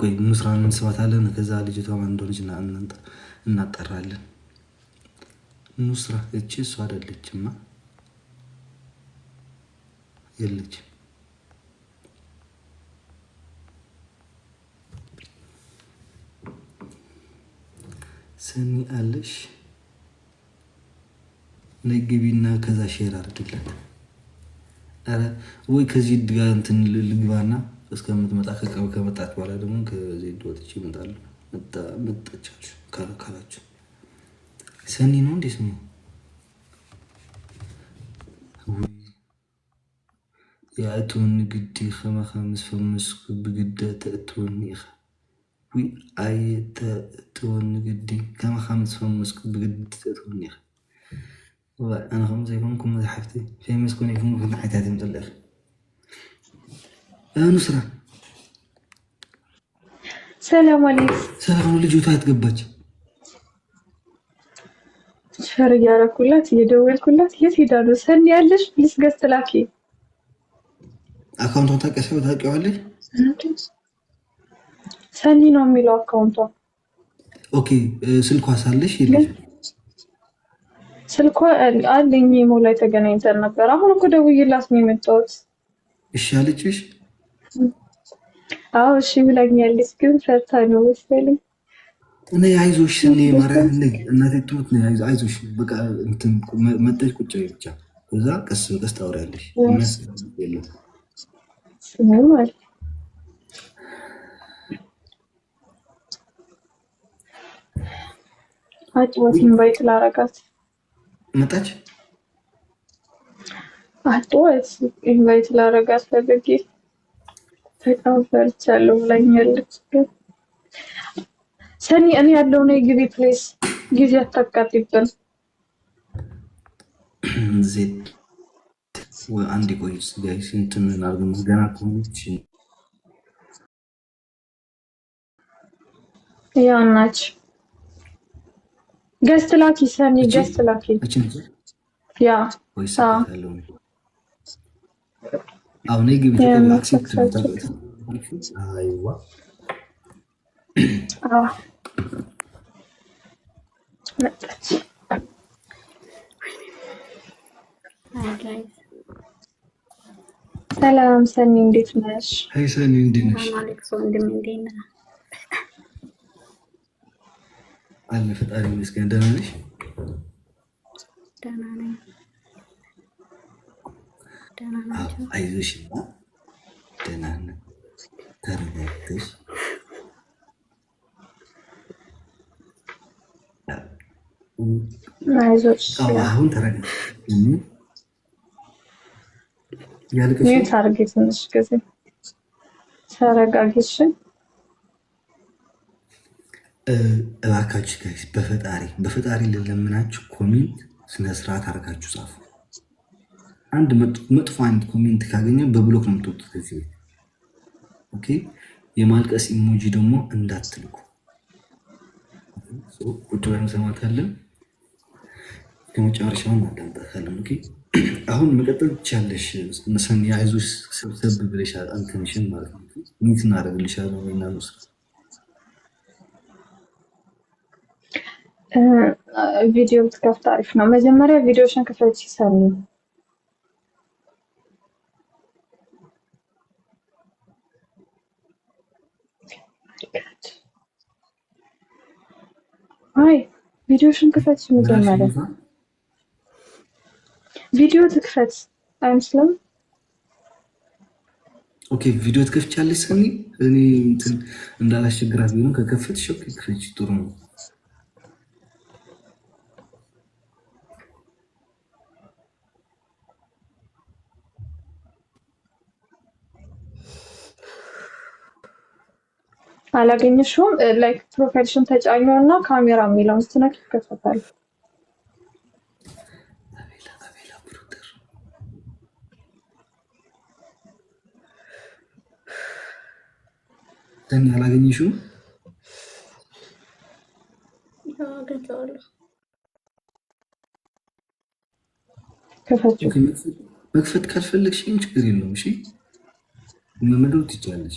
ቆይ ምስራን እንስባታለን። ከዛ ልጅቷ ማን እንደሆነች እናጠራለን። ኑስራ እቺ እሱ አይደለችማ፣ የለች ሰኒ አለሽ ነግቢና ከዛ ሼር አድርግላት ወይ ከዚህ ድጋ እንትን ልግባና እስከምትመጣ ከመጣች በኋላ ደግሞ ከዜድ ወጥቼ እመጣለሁ። መጣቻችሁ ካላችሁ ሰኒ ነው እንዴ ስሙ? የእቶን ግዲ ከመኸምስ ፈምስ ብግደ ተእቶን ኢኸ ዊ ኣየ ተእቶን ግዲ ከመኸምስ ፈምስ ብግዲ ተእቶን ኢኸ ኣነ ከምዘይኮንኩም መዛሕፍቲ ፌመስ ኮነ ይኩም ክልዓይታት ምፅልእኽ ኑስራ ሰላም አለይኩም። ሰላም ልጅቷ ያትገባች ሸር እያረኩላት እየደወልኩላት የት ሄዳ ነው? ሰኒ ያለሽ ፕሊስ ገዝት ላኪ። አካውንቷን ታውቂያለሽ? ታውቂዋለሽ? ሰኒ ነው የሚለው አካውንቷ። ኦኬ ስልኳ ሳለሽ የለሽም? ስልኳ አለኝ። ሞ ላይ ተገናኝተን ነበር። አሁን እኮ ደውዬላት ነው የመጣሁት። እሺ አለችሽ? አዎ እሺ ብላኛለች፣ ግን ፈታ ነው መሰለኝ። እኔ አይዞሽ እኔ ማርያም ላይ እናቴ ትሞት ነው። አይዞሽ በቃ እንትን መጠሽ ቁጭ ብቻ፣ እዛ ቀስ በቀስ ታወሪያለሽ። አጭወት ኢንቫይት ላረጋት መጣች። አጭወት ኢንቫይት ላረጋት ፈልጌ በጣም ፈርቻለሁ ብላኛለች። ሰኒ እኔ ያለው ነው ግቢ ፕሌስ ጊዜ አታቃጥብን። ዜድ አንድ ቆይ ጋይስ እንትን አርግ ገና ከሆነች ያው ናች። ገስት ላኪ ሰኒ፣ ገስት ላኪ ያ አሁን ግብት ሰላም ሰኒ፣ እንዴት ነሽ? አይ ሰኒ፣ እንዴት ነሽ? አለ ፈጣሪ ይመስገን። ደህና ነሽ? ደህና ነኝ። አይዞሽ እና ደህና ነን ተረጋግተሽ አሁን ተረጋግተሽ ትንሽ ጊዜ እባካችሁ ጋይስ በፈጣሪ በፈጣሪ ልለምናችሁ ስነስርዓት አድርጋችሁ ጻፉ። አንድ መጥፎ አይነት ኮሜንት ካገኘ በብሎክ ነው የምትወጡት ከዚህ ቤት። ኦኬ የማልቀስ ኢሞጂ ደግሞ እንዳትልኩ። ቁጭ ብለን እንሰማታለን፣ ከመጨረሻውን እናዳምጣታለን። አሁን መቀጠል ትቻለሽ። መሰን የአይዞሽ ሰብሰብ ብለሻል፣ አንተንሽን ማለት ነው ሚት እናደርግልሻል ወይና ስ ቪዲዮ ትከፍት አሪፍ ነው። መጀመሪያ ቪዲዮሽን ክፈች ይሳሉ አይ ቪዲዮሽን ክፈት ማለት ነው። ቪዲዮ ትክፈት አይመስልም? ኦኬ ቪዲዮ ትከፍቻለሽ ሰኒ እኔ እንዳላስቸግራት ቢሆን ከከፈትሽ ኦኬ ክፈች ጥሩ ነው። አላገኘሽውም? ላይክ uh, ፕሮፋይልሽን ተጫኘው እና ካሜራ የሚለውን ስትነክ ይከፈታል። ደን አላገኘሽውም? መክፈት ካልፈለግሽ ችግር የለውም። እሺ መመለስ ትችያለሽ።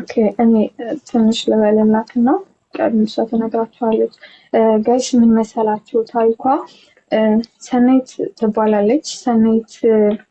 ኦኬ እኔ ትንሽ ልበልላት እና ቀድምሻ ተነግራችኋለች። ጋይስ ምን መሰላችሁ? ታሪኳ ሰናይት ትባላለች። ሰናይት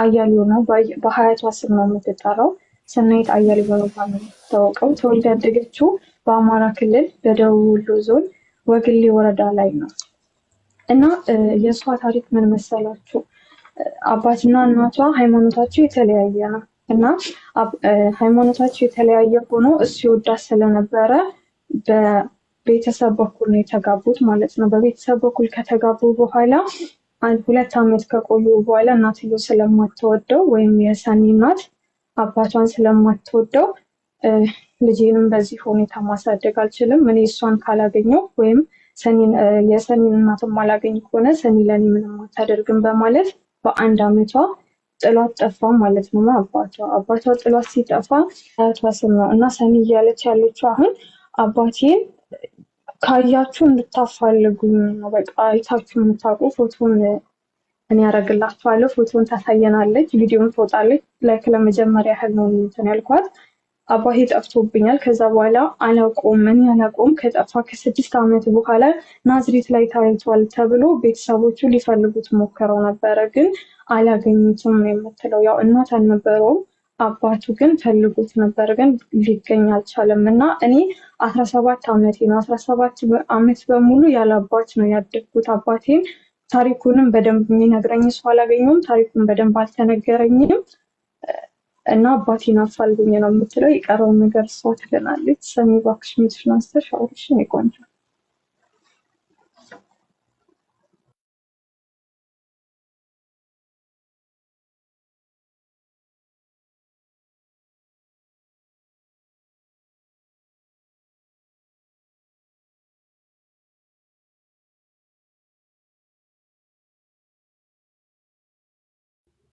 አያሌው ነው በሀያቷ ስም ነው የምትጠራው። ሰናይት አያሌው በመባል ነው የምትታወቀው። ተወልዳ ያደገችው በአማራ ክልል በደቡብ ወሎ ዞን ወግሌ ወረዳ ላይ ነው እና የእሷ ታሪክ ምን መሰላችሁ? አባትና እናቷ ሃይማኖታቸው የተለያየ ነው። እና ሃይማኖታቸው የተለያየ ሆኖ እሱ ይወዳት ስለነበረ በቤተሰብ በኩል ነው የተጋቡት ማለት ነው። በቤተሰብ በኩል ከተጋቡ በኋላ ሁለት ዓመት ከቆዩ በኋላ እናትዮ ስለማትወደው ወይም የሰኒ እናት አባቷን ስለማትወደው ልጅንም በዚህ ሁኔታ ማሳደግ አልችልም፣ እኔ እሷን ካላገኘው ወይም የሰኒን እናትም አላገኝ ከሆነ ሰኒ ለኔ ምንም አታደርግም በማለት በአንድ ዓመቷ ጥሏት ጠፋ ማለት ነው። አባቷ አባቷ ጥሏት ሲጠፋ አያቷ ስም ነው እና ሰኒ እያለች ያለችው አሁን አባቴን ካያችሁ እንድታፋልጉኝ ነው። በቃ አይታችሁ የምታውቁ ፎቶን እኔ ያደርግላችኋለሁ። ፎቶን ታሳየናለች፣ ቪዲዮን ትወጣለች። ላይክ ለመጀመሪያ ያህል ነው እንትን ያልኳት አባቴ ጠፍቶብኛል። ከዛ በኋላ አላቆም እኔ ያላቆም ከጠፋ ከስድስት ዓመት በኋላ ናዝሬት ላይ ታይቷል ተብሎ ቤተሰቦቹ ሊፈልጉት ሞክረው ነበረ፣ ግን አላገኙትም ነው የምትለው። ያው እናት አልነበረውም አባቱ ግን ፈልጉት ነበር፣ ግን ሊገኝ አልቻለም። እና እኔ አስራ ሰባት ዓመቴ ነው። አስራ ሰባት ዓመት በሙሉ ያለ አባት ነው ያደግኩት። አባቴን ታሪኩንም በደንብ የሚነግረኝ ሰው አላገኘውም። ታሪኩን በደንብ አልተነገረኝም። እና አባቴን አፋልጉኝ ነው የምትለው። የቀረውን ነገር እሷ ትለናለች። ሰሚ እባክሽ ሚስሽን አንስተሽ አውርሽን የቆንጆ